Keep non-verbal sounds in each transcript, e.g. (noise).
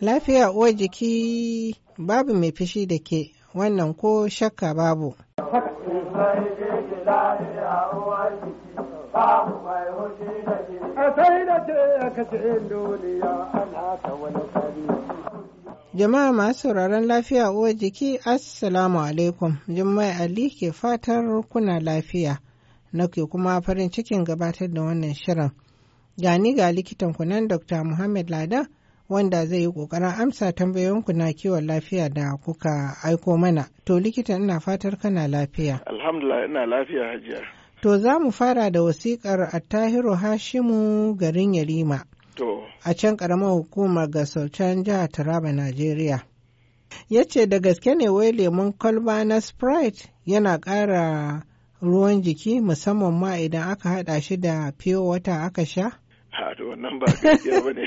Lafiya uwa jiki babu mai fishi da ke wannan ko shakka babu. Jama'a masu sauraron lafiya uwarjiki, jiki, Assalamu alaikum, Jummai Ali ke fatar kuna lafiya. na ke kuma farin cikin gabatar da wannan shirin. Gani ga likitan kunan Dr. Muhammad Lada wanda zai yi ƙoƙarin amsa tambayoyin ku na kiwon lafiya da kuka aiko mana. To likita ina fatar kana lafiya. Alhamdulillah ina lafiya hajiya. To za mu fara da wasiƙar Attahiru Hashimu garin Yarima. To. A can ƙaramar hukumar ga Sultan jihar Taraba, Najeriya. Ya ce da gaske ne wai lemon kwalba na Sprite yana ƙara ruwan jiki musamman ma idan aka haɗa shi da fiyo wata aka sha ha to wannan ba gaskiya ba ne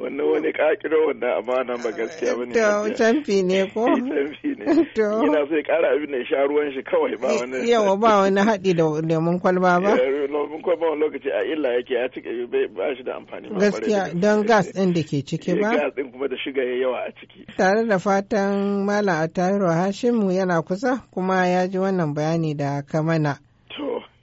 wannan wani kakiro wannan amana ba gaskiya ba ne to canfi ne ko canfi eh, ne yana so ya kara abin da sha ruwan shi kawai ba wani yawa ba wani haɗi da lemun kwalba ba eh, lemun kwalba wani lokaci a illa yake ya cika ba shi da amfani ba gaskiya don gas ɗin da ke ciki eh, ba gas ɗin kuma da shiga ya yawa a ciki tare da fatan malam atahiru hashimu yana kusa kuma ya ji wannan bayani da kamana.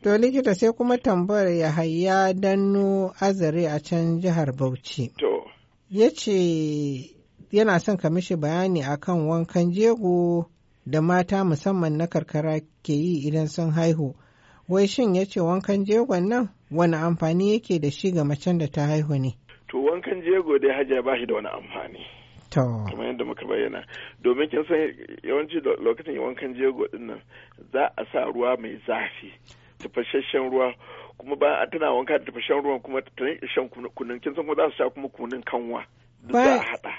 To likita sai kuma tambayar ya hayya danno azare a can jihar Bauchi. To. Ya ce yana son ka mishi bayani akan wankan jego da mata musamman na karkara ke yi idan sun haihu. Wai shin ya ce wankan jegon nan wani amfani yake da shi ga macen da ta haihu ne? To wankan jego dai hajiya ba shi da wani amfani. kamar yadda muka bayyana domin kin san yawanci lokacin wankan jego din za a sa ruwa mai zafi tafasasshen ruwa kuma ba tana wanka da tafasasshen ruwan kuma ta shan kunun kin san kuma za su sha kuma kunun kanwa za a hada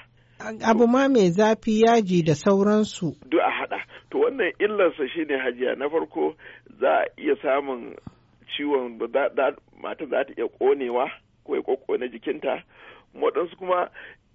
abu ma mai zafi yaji da sauransu duk a haɗa to wannan illarsa shine hajiya na farko za a iya samun ciwon mata za ta iya konewa ko ya kokone jikinta waɗansu kuma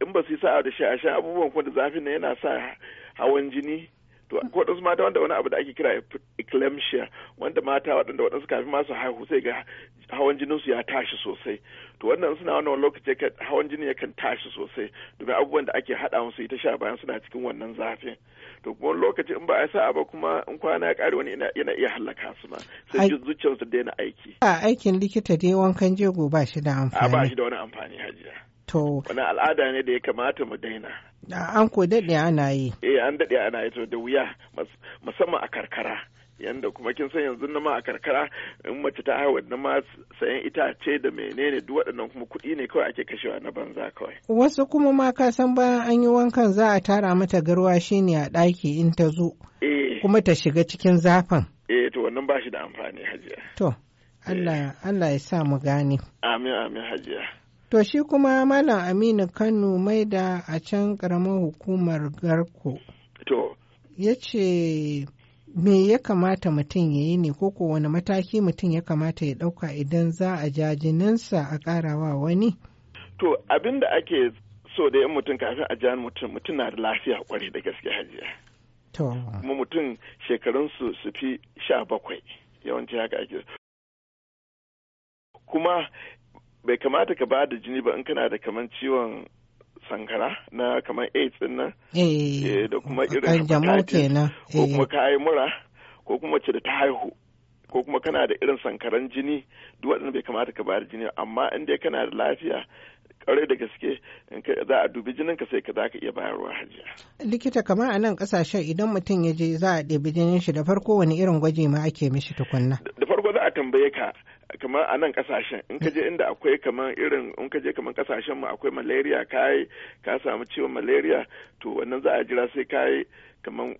in ba su yi sa'a da sha abubuwan kuma da zafin na yana sa hawan jini to ko wadansu mata wanda wani abu da ake kira eclampsia wanda mata waɗanda waɗansu kafin masu haihu sai ga hawan jinin su ya tashi sosai to wannan suna wannan lokaci hawan jini yakan tashi sosai domin abubuwan da ake haɗa musu ita sha bayan suna cikin wannan zafi to kuma lokaci in ba a sa ba kuma in kwana ya ƙare wani yana iya hallaka su ma sai zuciyarsu daina aiki a aikin likita dai wankan jego ba shi da amfani a ba shi da wani amfani hajiya To. Wani al'ada ne da ya kamata mu daina. An ko daɗe ana yi. Eh an daɗe ana yi to da wuya musamman a karkara. yanda kuma kin san yanzu na ma a karkara in mace ta hawa da ma sayan itace da menene duk waɗannan kuma kuɗi ne kawai ake kashewa na banza kawai. Wasu kuma ma ka san bayan an yi wankan za a tara mata garwa shi ne a ɗaki in ta zo. Eh. Kuma ta shiga cikin zafin. Eh to wannan ba shi da amfani hajiya. To Allah eh. Allah ya sa mu gane. Amin amin hajiya. To shi kuma Malam Aminu Kano maida a can ƙaramar hukumar Garko. To. Ya ce me ya kamata mutum ya yi ne ko wani mataki mutum ya kamata ya ɗauka idan za a jajininsa a ƙarawa wani? To abin da ake so da yan mutum kafin a jan mutum mutum na da lafiya kwarai da gaske hajiya. To. Kuma mutum shekarunsu su fi sha bakwai yawanci haka ake. Kuma bai kamata ka ba da jini ba in kana da kamar ciwon sankara na kamar aids din nan eh. Eh, da kuma irin hepatitis ko eh. kuma kayi mura ko kuma ce da ta haihu ko kuma kana da irin sankaran jini duk waɗanda bai kamata ka ba da jini amma in dai kana da lafiya kare da gaske za a dubi jinin ka sai ka za iya bayarwa hajiya. likita kamar a nan ƙasashen idan mutum ya je za a ɗebi jinin shi da farko wani irin gwaji ma ake mishi tukunna. da farko za a tambaye ka kamar a nan kasashen in ka je inda akwai kamar irin in ka je kamar kasashen mu akwai malaria kai ka samu ciwon malaria to wannan za a jira sai kai kamar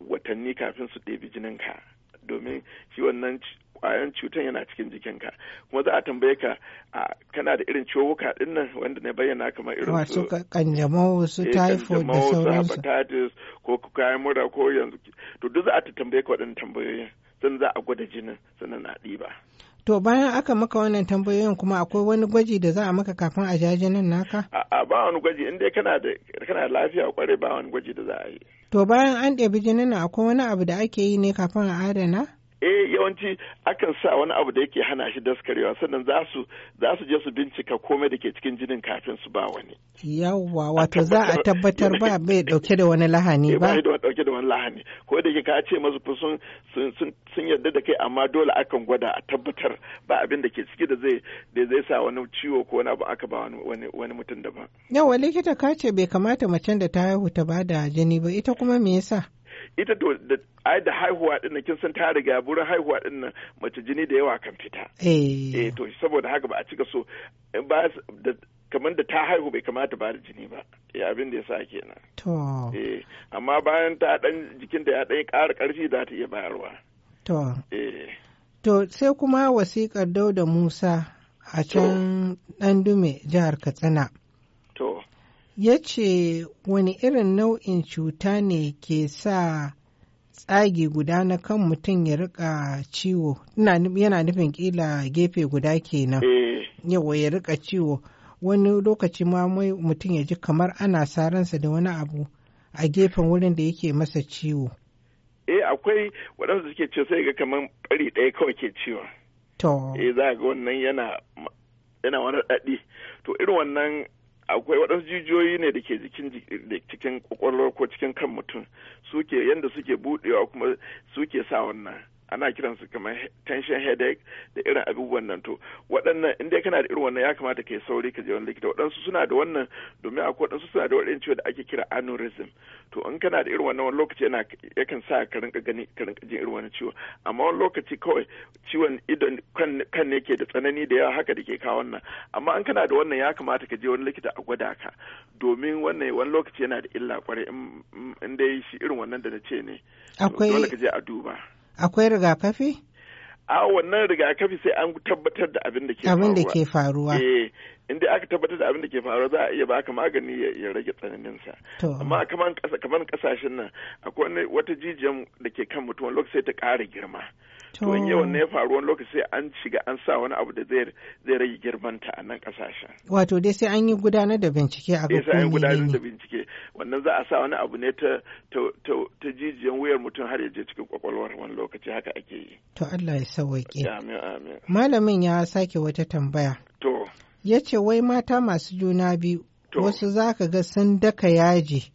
watanni kafin su ɗebi jinin ka domin shi wannan kwayan cutan yana cikin jikinka kuma za a tambaye ka a kana da irin ciwuka din nan wanda na bayyana kamar irin wasu kanjamau su eh, typhoid da sauransu ko kayan mura ko yanzu to duk za a tambaye ka waɗannan tambayoyin sun za a gwada jinin sannan a ɗiba. To bayan aka maka wannan tambayoyin kuma akwai wani gwaji da za a maka kafin a ja jinin naka? A ba wani gwaji in dai kana da kana lafiya kwarai ba wani gwaji da za a yi. To bayan an ɗebi jinin akwai wani abu da ake yi ne kafin a adana? eh yawanci akan sa wani abu da yake hana shi daskarewa sannan za su za su je su bincika komai da ke cikin jinin kafin su ba wani yawwa wato za a tabbatar ba bai (laughs) dauke da wani lahani eh, ba bai dauke da wani lahani ko da ke ka ce masu sun sun sun yarda da kai amma dole akan gwada a tabbatar ba abin da ke ciki da zai da zai sa wani ciwo ko wani abu aka ba wani wani mutum daban yawwa likita ka ce bai kamata macen da ta haihu ta ba da jini ba ita kuma me yasa ita to da ai da haihuwa din kin san ta riga burin haihuwa din mace jini da yawa kan fita eh. eh to saboda haka ba a cika so ba kamar da ta haihu bai kamata ba da jini ba ya abin da ya sa kenan to eh amma bayan ta dan da ya dai ƙara ƙarfi za ta iya bayarwa to eh to sai kuma wasiƙar Dauda Musa a can Dandume jihar Katsina ya ce wani irin nau'in cuta ne ke sa tsagi guda na kan mutum ya rika ciwo yana nufin kila gefe guda kenan eh. yawa ya rika ciwo wani lokaci ma mutum ya ji kamar ana saransa da wani abu a gefen wurin da yake masa ciwo eh akwai waɗansu suke ce sai ga kamar ɓari ɗaya kawai ke ciwo. to eh za ga wannan yana yana wani daɗi to irin wannan akwai waɗansu jijiyoyi ne da ke jikin cikin kwakwalwa ko cikin kan mutum suke yadda suke buɗewa kuma suke sa wannan ana kiransu kamar tension headache da irin abubuwan nan to waɗannan in dai kana da irin wannan ya kamata ka yi sauri ka je wani likita waɗansu suna da wannan domin akwai waɗansu suna da waɗannan ciwo da ake kira aneurysm to in kana da irin wannan wani lokaci yana yakan sa ka rinka gani ka rinka jin irin wani ciwo amma wani lokaci kawai ciwon idon kan ne ke da tsanani da yawa haka da ke kawo wannan amma in kana da wannan ya kamata ka je wani likita a gwada ka domin wannan wani lokaci yana da illa kwarai in dai shi irin wannan da na ce ne dole ka je a duba akwai rigakafi? a wannan rigakafi sai an tabbatar da abin da ke faruwa. da ke faruwa. Eh, inda aka tabbatar da abin da ke faruwa za a iya baka magani ya rage tsananin sa. Amma kamar kasashen nan akwai wata jijiyan da ke kan mutum lokaci ta ƙara girma. to in yawan ne ya faru wani lokaci an shiga an sa wani abu da zai zai rage girmanta a nan kasashen wato dai sai an yi gudanar da bincike a ga eh, sai an gudanar da bincike wannan za a sa wani abu ne ta ta jijiyan wuyar mutum har ya je cikin kwakwalwar wani lokaci haka ake yi to Allah ya sauke amin amin malamin ya sake wata tambaya to yace wai mata masu juna biyu wasu za ka ga sun daka yaji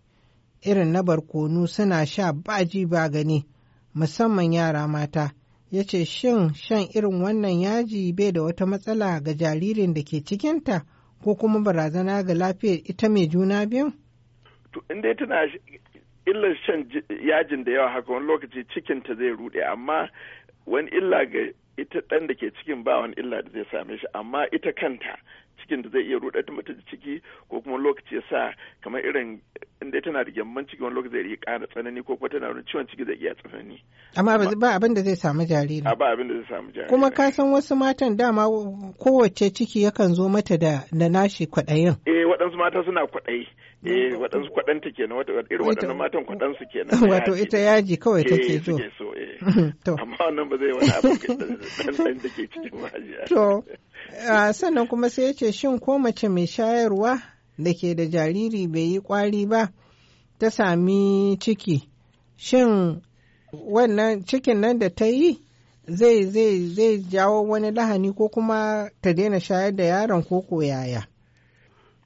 irin na barkonu suna sha baji ba gani musamman yara mata ya ce shin shan irin wannan yaji bai da wata matsala ga jaririn da ke cikinta ko kuma barazana ga lafiyar ita mai juna biyun? To inda tana illar shan yajin da yawa haka wani lokaci cikinta zai rude amma wani illa ga ita ɗan da ke cikin ba wani illa da zai same shi amma ita kanta cikin da zai iya rudar rudata mata ciki ko kuma lokaci ya sa kamar irin inda tana da gyamman ciki wani lokaci zai iya ƙara tsanani ko kuma tana da ciwon ciki zai iya tsanani. Amma ba abin da zai samu jariri. Ba abin da zai samu jariri. Kuma ka san wasu matan dama kowace ciki yakan zo mata da na nashi kwaɗayin. Eh waɗansu mata suna kwaɗayi. Eh mm. waɗansu kwaɗanta kenan wata irin waɗannan matan kwaɗansu kenan. (laughs) Wato ita yaji kawai take eh, so. Eh. (laughs) Amma wannan ba zai wani abin da (laughs) ke cikin mahajiya. sannan kuma sai ya ce shin ko mace mai shayarwa da ke da jariri bai yi kwari ba ta sami ciki shin wannan cikin nan da ta yi zai jawo wani lahani ko kuma ta daina shayar da yaron ko koyaya. yaya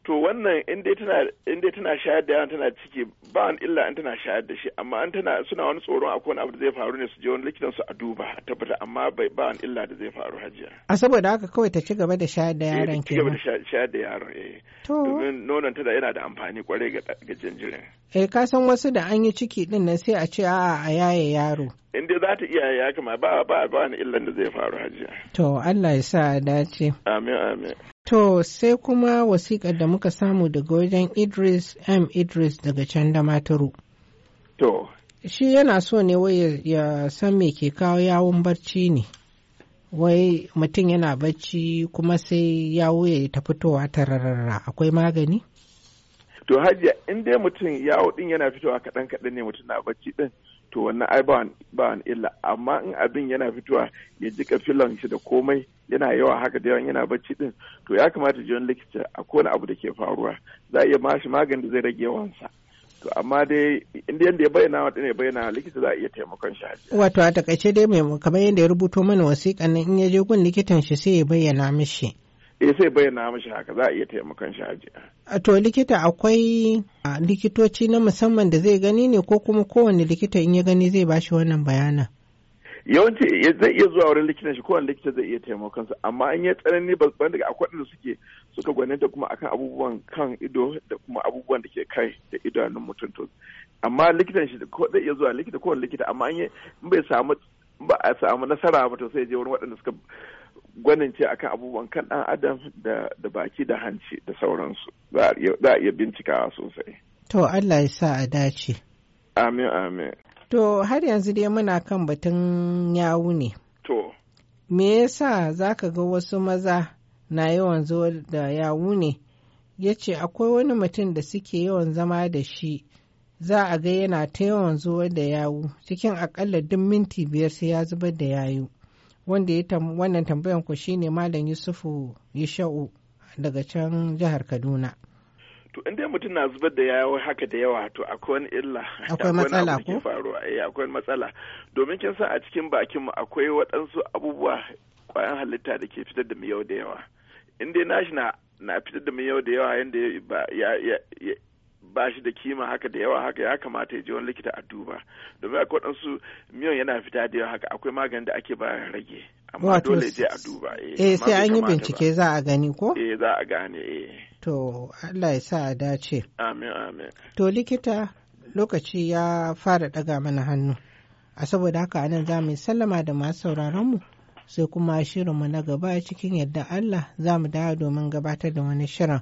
to wannan in dai tana shayar da yaron tana ciki ba an illa in tana shayar da shi amma an tana suna wani tsoron akwai wani abu da zai faru ne su je wani likitan su a duba a tabbata amma bai ba an illa da zai faru hajiya a saboda haka kawai ta ci gaba da shayar da eh, yaron ke ci gaba da shayar da yaron eh domin nonon ta da yana da amfani kwarai ga jinjirin eh ka san wasu da an yi ciki din nan sai a ce a'a a yaye yaro in dai za ta iya ya kama ba ba ba ni illan da zai faru hajiya to Allah ya sa dace amin amin To sai kuma wasiƙar da muka samu daga wajen Idris M. Idris daga can da maturu. To. Shi yana so ne wai ya san me ke kawo yawon barci ne. Wai mutum yana barci kuma sai yawo ya ta fitowa tararara akwai magani? To hajiya in dai mutum yawo din yana fitowa kaɗan kaɗan ne mutum na barci din to wannan ai ba an illa amma in abin yana fitowa ya ji kafilan shi da komai yana yawa haka da yawan yana bacci din to ya kamata ji likita a kowane abu da ke faruwa za a iya mashi magani da zai rage yawansa to amma dai inda yadda ya bayyana wa ya bayyana likita za a iya taimakon shi wato a takaice dai mai kamar yadda ya rubuto mana wasiƙa nan in ya je gun likitan shi sai ya bayyana mishi eh sai bayyana mashi haka za a iya taimakon shi haji. A to likita akwai likitoci na musamman da zai gani ne ko kuma kowane likita in ya gani zai bashi wannan bayanan. Yawanci zai iya zuwa wurin likitan shi kowane likita zai iya taimakon sa amma an yi tsanani ban daga akwai da suke suka gwaninta kuma akan abubuwan kan ido da kuma abubuwan da ke kai da idanun mutum to amma likitan shi zai iya zuwa likita kowane likita amma in bai samu ba a samu nasara ba to sai je wurin waɗanda suka gwanince akan abubuwan kan dan adam da, da baki da hanci da sauransu za a iya bincikawa sosai. To Allah ya sa a dace. Amin amin. To har yanzu dai muna kan batun yawu ne. To. Me yasa za ka ga wasu maza na yawan zuwa da yawu ne? Ya ce akwai wani mutum da suke yawan zama da shi za a ga yana ta yawan zuwa da yawu cikin akalla duk minti biyar sai ya zubar da yayu. wanda ya tam, wannan tambayan ku shine malam yusufu yishau daga can jihar kaduna to in dai mutum na zubar da yawo haka da yawa to akwai wani illa akwai matsala ko faruwa eh akwai matsala domin kin san a cikin bakin mu akwai waɗansu abubuwa kwayan halitta da ke fitar da miyau da yawa in dai nashi na na fitar da miyau da yawa yanda ya ba shi da kima haka da yawa haka ya kamata ya je wani likita a duba domin akwai waɗansu miyan yana fita da yawa haka akwai maganin da ake ba rage amma dole je a duba eh, eh sai an yi bincike za a gani ko eh za a gane eh to Allah ya sa a dace amin amin to likita lokaci ya fara daga mana hannu a saboda haka anan za mu sallama da masu sauraron mu sai kuma shirinmu na gaba cikin yadda Allah za mu dawo domin gabatar da wani shirin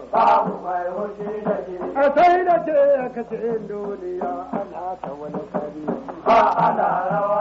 babu da ce ka ce duniya ana ta wani kari